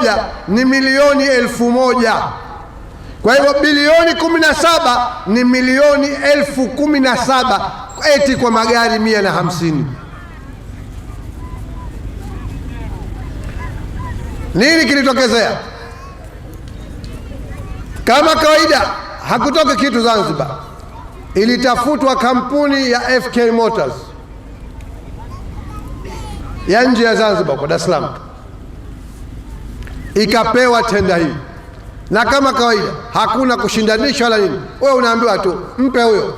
moja ni milioni elfu moja. Kwa hivyo bilioni kumi na saba ni milioni elfu kumi na saba eti kwa magari mia na hamsini. Nini kilitokezea? Kama kawaida, hakutoka kitu Zanzibar. Ilitafutwa kampuni ya FK Motors ya nje ya Zanzibar, kwa Dar es Salaam ikapewa tenda hii, na kama kawaida hakuna kushindanisha wala nini, wewe unaambiwa tu mpe huyo.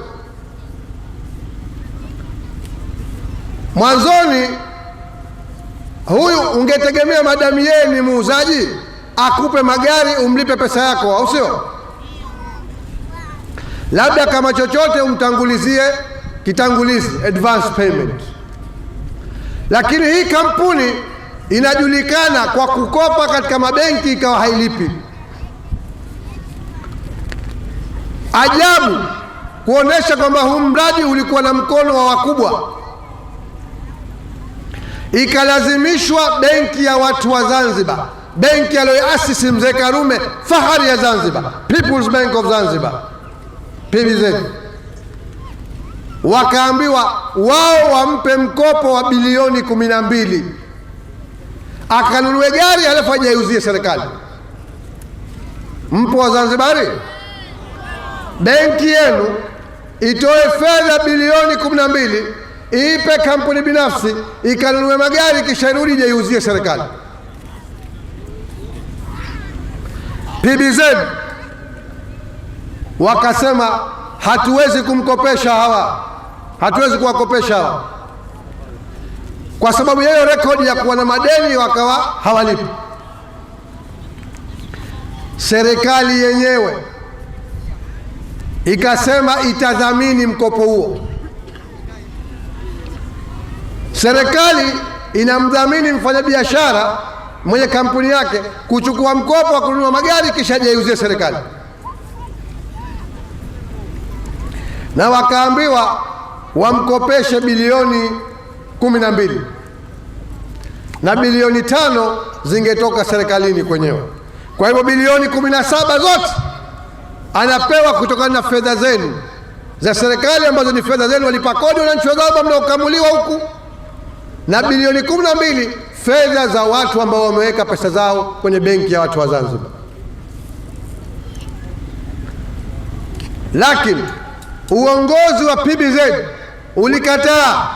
Mwanzoni huyu ungetegemea madamu yeye ni muuzaji, akupe magari umlipe pesa yako, au sio? Labda kama chochote umtangulizie kitangulizi, advance payment. Lakini hii kampuni inajulikana kwa kukopa katika mabenki ikawa hailipi. Ajabu kuonesha kwamba huu mradi ulikuwa na mkono wa wakubwa, ikalazimishwa benki ya watu wa Zanzibar, benki aliyoasisi mzee Karume, fahari ya Zanzibar, People's Bank of Zanzibar, PBZ, wakaambiwa wao wampe mkopo wa bilioni kumi na mbili akanunue gari alafu ajaiuzie serikali. Mpo wa zanzibari Benki yenu itoe fedha bilioni kumi na mbili iipe kampuni binafsi ikanunue magari kisha irudi ijaiuzie serikali. PBZ wakasema hatuwezi kumkopesha hawa, hatuwezi kuwakopesha hawa kwa sababu yeye rekodi ya kuwa na madeni wakawa hawalipi. Serikali yenyewe ikasema itadhamini mkopo huo. Serikali inamdhamini mfanyabiashara mwenye kampuni yake kuchukua mkopo wa kununua magari kisha jaiuzie serikali, na wakaambiwa wamkopeshe bilioni kumi na mbili na bilioni tano zingetoka serikalini kwenyewe. Kwa hivyo bilioni kumi na saba zote anapewa kutokana na fedha zenu za serikali ambazo ni fedha zenu walipa kodi wananchi wa Zanzibar mnaokamuliwa huku, na bilioni kumi na mbili fedha za watu ambao wameweka pesa zao kwenye benki ya watu wa Zanzibar. Lakini uongozi wa PBZ ulikataa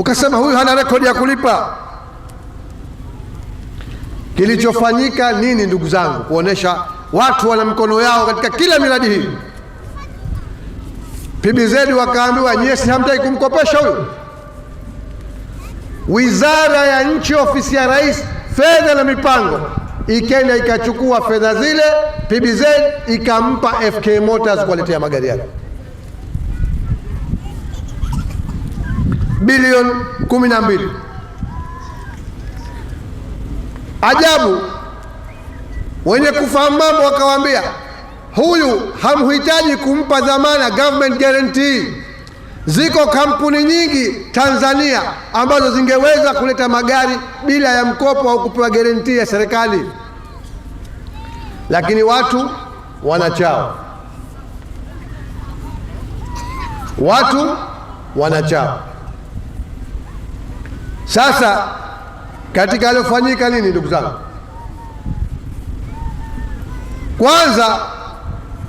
ukasema huyu hana rekodi ya kulipa. Kilichofanyika nini, ndugu zangu? Kuonesha watu wana mikono yao katika kila miradi hii. PBZ wakaambiwa nyesi, hamtaki kumkopesha huyu. Wizara ya Nchi, ofisi ya Rais, fedha na mipango ikenda ikachukua fedha zile, PBZ ikampa FK Motors kuwaletea magari yake. bilioni kumi na mbili. Ajabu, wenye kufahamu mambo wakawaambia, huyu hamhitaji kumpa dhamana, government guarantee. Ziko kampuni nyingi Tanzania ambazo zingeweza kuleta magari bila ya mkopo au kupewa guarantee ya serikali, lakini watu wanachao, watu wanachao sasa katika yaliyofanyika nini, ndugu zangu? Kwanza,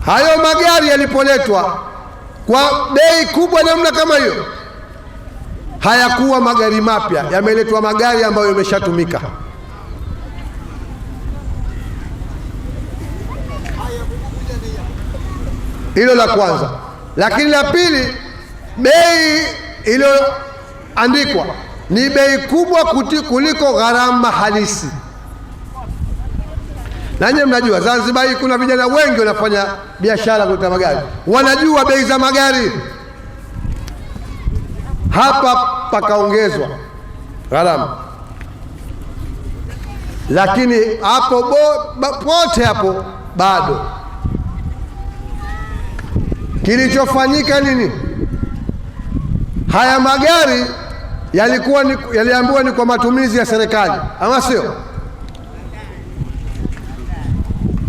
hayo magari yalipoletwa kwa bei kubwa namna kama hiyo, hayakuwa magari mapya, yameletwa magari ambayo yameshatumika. Hilo la kwanza. Lakini la pili, bei iliyoandikwa ni bei kubwa kuliko gharama halisi. Na nyinyi mnajua Zanzibar hii kuna vijana wengi wanafanya biashara kuleta magari, wanajua bei za magari. Hapa pakaongezwa gharama, lakini hapo pote hapo bado. Kilichofanyika nini? Haya magari yalikuwa ni, yaliambiwa ni kwa matumizi ya serikali, ama sio?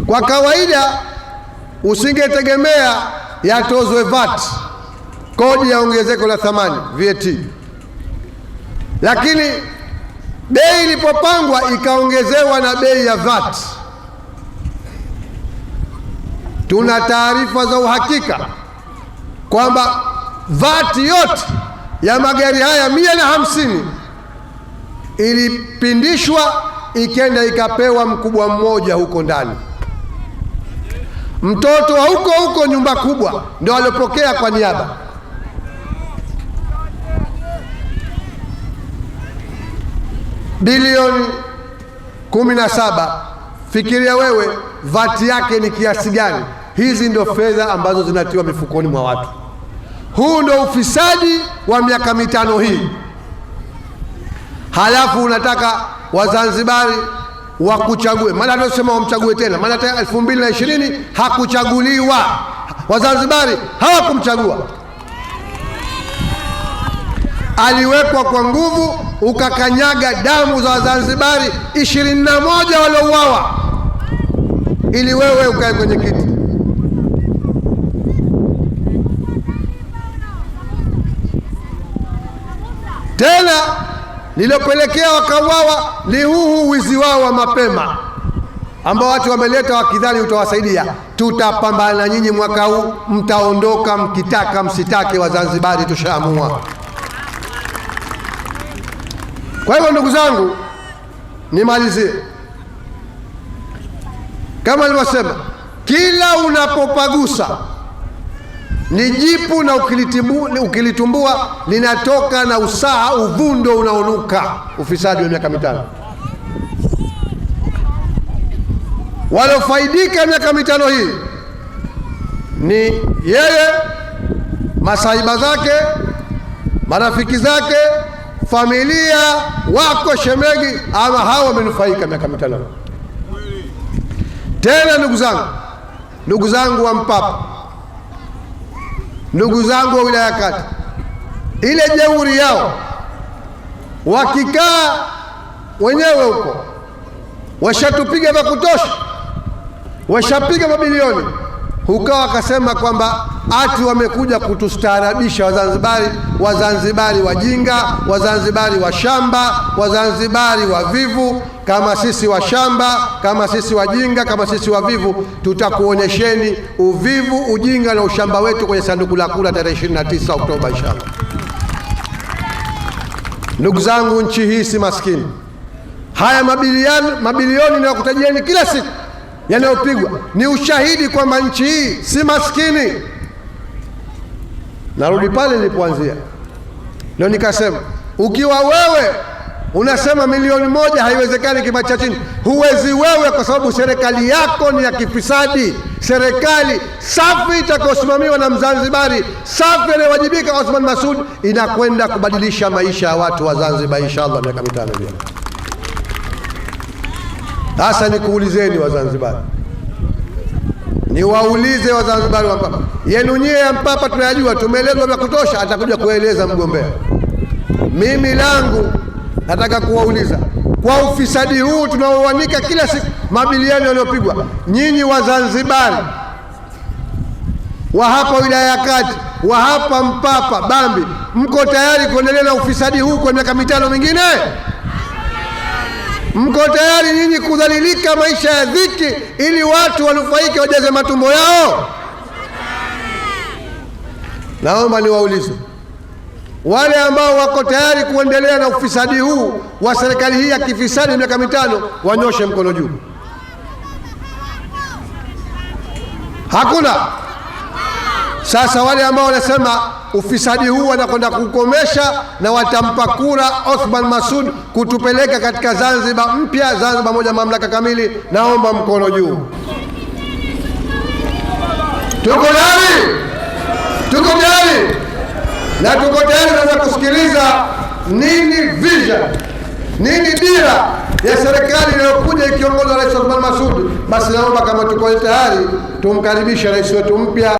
Kwa kawaida usingetegemea yatozwe VAT, kodi ya ongezeko la thamani VAT, lakini bei ilipopangwa ikaongezewa na bei ya VAT. Tuna taarifa za uhakika kwamba VAT yote ya magari haya mia na hamsini ilipindishwa ikenda ikapewa mkubwa mmoja huko ndani. Mtoto wa huko huko nyumba kubwa ndio aliopokea kwa niaba. Bilioni kumi na saba, fikiria wewe vati yake ni kiasi gani? Hizi ndo fedha ambazo zinatiwa mifukoni mwa watu. Huu ndo ufisadi wa miaka mitano hii. Halafu unataka Wazanzibari wakuchague, maana tunasema wamchague tena, maana hata elfu mbili na ishirini hakuchaguliwa, Wazanzibari hawakumchagua, aliwekwa kwa nguvu, ukakanyaga damu za Wazanzibari ishirini na moja waliouawa ili wewe ukae kwenye kiti. Tena lilopelekea wakauawa ni huu wizi wao wa mapema ambao watu wameleta wakidhani utawasaidia. Tutapambana nyinyi mwaka huu, mtaondoka mkitaka msitake, wa zanzibari tushaamua. Kwa hivyo ndugu zangu, nimalizie kama nilivyosema, kila unapopagusa ni jipu na ukilitumbua linatoka na usaha uvundo unaonuka. Ufisadi wa miaka mitano. Waliofaidika miaka mitano hii ni yeye, masaiba zake, marafiki zake, familia wako shemegi, ama hawa wamenufaika miaka mitano. Tena ndugu zangu, ndugu zangu wa Mpapa Ndugu zangu wa wilaya Kati, ile jeuri yao wakikaa wenyewe huko, washatupiga vya kutosha, washapiga mabilioni hukawa akasema kwamba ati wamekuja kutustaarabisha Wazanzibari, Wazanzibari wajinga, Wazanzibari washamba, Wazanzibari wavivu. Kama sisi washamba, kama sisi wajinga, kama sisi wavivu, tutakuonyesheni uvivu, ujinga na ushamba wetu kwenye sanduku la kura tarehe 29 Oktoba, inshallah. Ndugu zangu, nchi hii si maskini. Haya mabilioni, mabilioni nawakutajeni kila siku yanayopigwa ni ushahidi kwamba nchi hii si maskini. Narudi pale nilipoanzia ndio nikasema, ukiwa wewe unasema milioni moja haiwezekani kima cha chini, huwezi wewe, kwa sababu serikali yako ni ya kifisadi. Serikali safi itakayosimamiwa na Mzanzibari safi anayewajibika Othman Masud inakwenda kubadilisha maisha ya watu wa Zanzibar, inshallah miaka mitano ijayo. Sasa nikuulizeni Wazanzibari, niwaulize Wazanzibari wa Mpapa yenu nyie ya Mpapa tunayajua, tumeelezwa vya kutosha, atakuja kueleza mgombea. Mimi langu nataka kuwauliza kwa ufisadi huu tunaouanika kila siku, mabilioni yanayopigwa, nyinyi Wazanzibari wa hapa wilaya ya Kati, wa hapa Mpapa Bambi, mko tayari kuendelea na ufisadi huu kwa miaka mitano mingine? Mko tayari nyinyi kudhalilika maisha ya dhiki ili watu wanufaike wajaze matumbo yao? Naomba niwaulize wale ambao wako tayari kuendelea na ufisadi huu wa serikali hii ya kifisadi miaka mitano, wanyoshe mkono juu. Hakuna. Sasa wale ambao wanasema ufisadi huu wanakwenda kukomesha na watampa kura Othman Masud kutupeleka katika Zanzibar mpya, Zanzibar moja mamlaka kamili, naomba mkono juu. Tuko nani? Tuko tayari na tuko tayari sasa kusikiliza nini vision, nini dira ya serikali inayokuja ikiongozwa na Rais Othman Masud. Basi naomba kama tuko tayari, tumkaribishe rais wetu mpya.